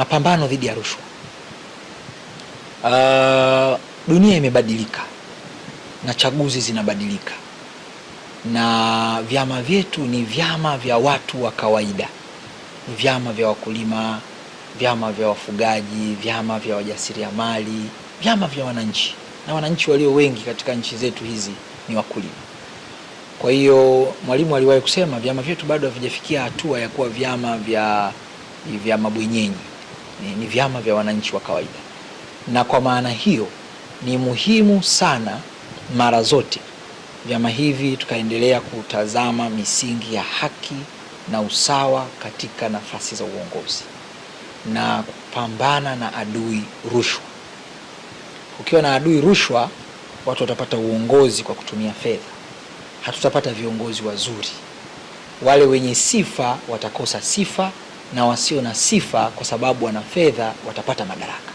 mapambano dhidi ya rushwa. Uh, dunia imebadilika na chaguzi zinabadilika, na vyama vyetu ni vyama vya watu wa kawaida, ni vyama vya wakulima, vyama vya wafugaji, vyama vya wajasiriamali, vyama vya wananchi, na wananchi walio wengi katika nchi zetu hizi ni wakulima. Kwa hiyo Mwalimu aliwahi kusema vyama vyetu bado havijafikia hatua ya kuwa vyama vya vya mabwenyenyi ni, ni vyama vya wananchi wa kawaida, na kwa maana hiyo ni muhimu sana mara zote vyama hivi tukaendelea kutazama misingi ya haki na usawa katika nafasi za uongozi na kupambana na adui rushwa. Ukiwa na adui rushwa, watu watapata uongozi kwa kutumia fedha, hatutapata viongozi wazuri. Wale wenye sifa watakosa sifa na wasio na sifa kwa sababu wana fedha watapata madaraka.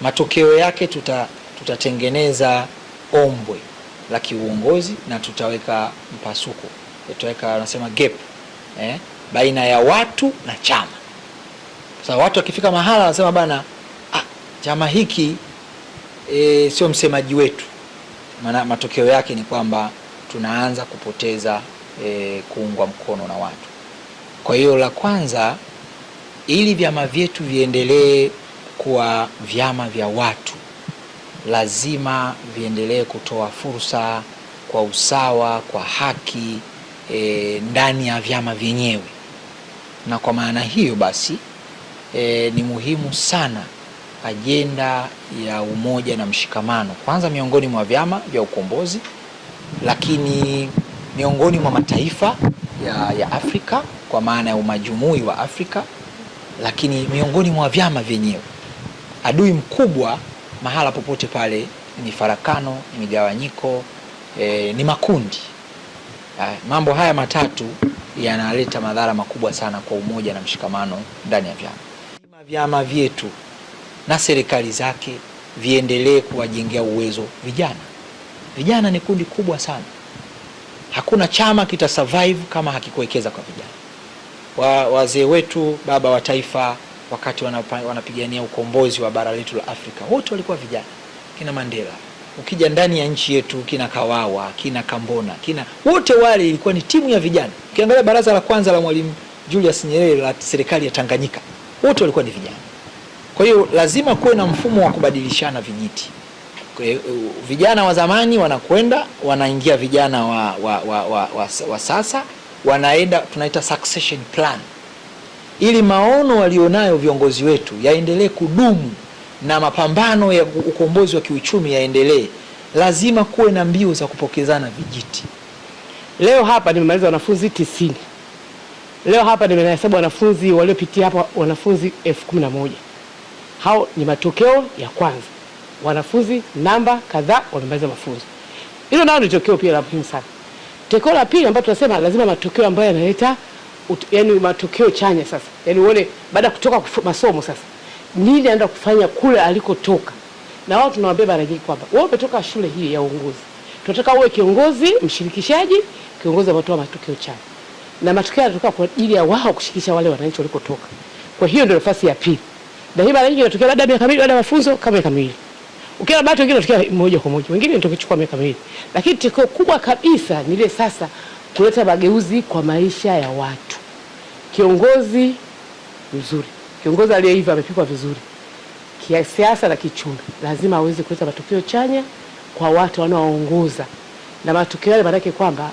Matokeo yake tuta, tutatengeneza ombwe la kiuongozi na tutaweka mpasuko, tutaweka wanasema gap eh, baina ya watu na chama. sababu watu wakifika mahala wanasema bana, ah, chama hiki e, sio msemaji wetu. Maana matokeo yake ni kwamba tunaanza kupoteza e, kuungwa mkono na watu. Kwa hiyo la kwanza, ili vyama vyetu viendelee kuwa vyama vya watu, lazima viendelee kutoa fursa kwa usawa, kwa haki e, ndani ya vyama vyenyewe. Na kwa maana hiyo basi e, ni muhimu sana ajenda ya umoja na mshikamano kwanza miongoni mwa vyama vya ukombozi, lakini miongoni mwa mataifa ya, ya Afrika kwa maana ya umajumui wa Afrika, lakini miongoni mwa vyama vyenyewe, adui mkubwa mahala popote pale ni farakano, ni migawanyiko, e, ni makundi. Ah, mambo haya matatu yanaleta madhara makubwa sana kwa umoja na mshikamano ndani ya vyama. Vyama vyetu na serikali zake viendelee kuwajengea uwezo vijana. Vijana ni kundi kubwa sana. Hakuna chama kita survive kama hakikuwekeza kwa vijana wa wazee wetu, baba wa taifa, wakati wanapigania ukombozi wa bara letu la Afrika, wote walikuwa vijana, kina Mandela. Ukija ndani ya nchi yetu, kina Kawawa, kina Kambona, kina wote wale, ilikuwa ni timu ya vijana. Ukiangalia baraza la kwanza la Mwalimu Julius Nyerere la serikali ya Tanganyika, wote walikuwa ni vijana. Kwa hiyo lazima kuwe na mfumo wa kubadilishana vijiti. Vijana wa zamani wanakwenda wanaingia vijana wa, wa, wa, wa, wa, wa sasa wanaenda tunaita succession plan, ili maono walionayo viongozi wetu yaendelee kudumu na mapambano ya ukombozi wa kiuchumi yaendelee, lazima kuwe na mbio za kupokezana vijiti. Leo hapa nimemaliza wanafunzi tisini. Leo hapa nimehesabu wanafunzi waliopitia hapa wanafunzi elfu kumi na moja. Hao ni matokeo ya kwanza, wanafunzi namba kadhaa wamemaliza mafunzo. Hilo nayo ni tokeo pia la muhimu sana. Tekeo la pili ambayo tunasema lazima matokeo ambayo yanaleta yani matokeo chanya sasa. Yaani uone baada ya kutoka masomo sasa nini anaenda kufanya kule alikotoka. Na wao tunawaambia mara nyingi kwamba wewe umetoka shule hii ya uongozi. Tunataka uwe kiongozi mshirikishaji, kiongozi ambaye anayetoa matokeo chanya. Na matokeo yanatoka kwa ajili ya wao kushirikisha wale wananchi walikotoka. Kwa hiyo ndio nafasi ya pili. Na hii mara nyingi inatokea baada ya miaka miwili baada ya mafunzo kama miaka miwili. Ukiona bado wengine tukia moja kwa moja, wengine tukichukua miaka miwili, lakini tiko kubwa kabisa ni ile sasa kuleta mageuzi kwa maisha ya watu. Kiongozi mzuri, kiongozi aliyeiva amepikwa vizuri, kisiasa na kichumi, lazima aweze kuleta matokeo chanya kwa watu wanaoongoza, na matokeo yale maanake kwamba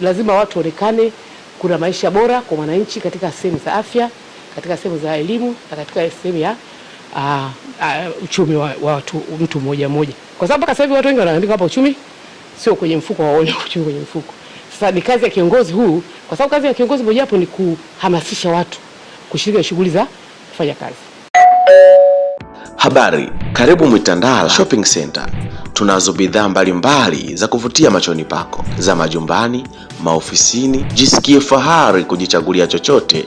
lazima watu waonekane kuna maisha bora kwa mwananchi katika sehemu za afya, katika sehemu za elimu na katika sehemu ya uh, uh, uchumi wa, wa tu, mtu mmoja mmoja, kwa sababu mpaka sasa hivi watu wengi wanaandika hapa uchumi sio kwenye mfuko, waone uchumi kwenye mfuko. Sasa ni kazi ya kiongozi huu, kwa sababu kazi ya kiongozi hapo ni kuhamasisha watu kushiriki shughuli za kufanya kazi. Habari, karibu Mwitandala Shopping Center. Tunazo bidhaa mbalimbali za kuvutia machoni pako za majumbani, maofisini. Jisikie fahari kujichagulia chochote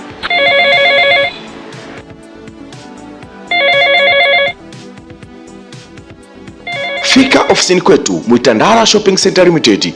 ofisini kwetu Mwitandara Shopping Center Limited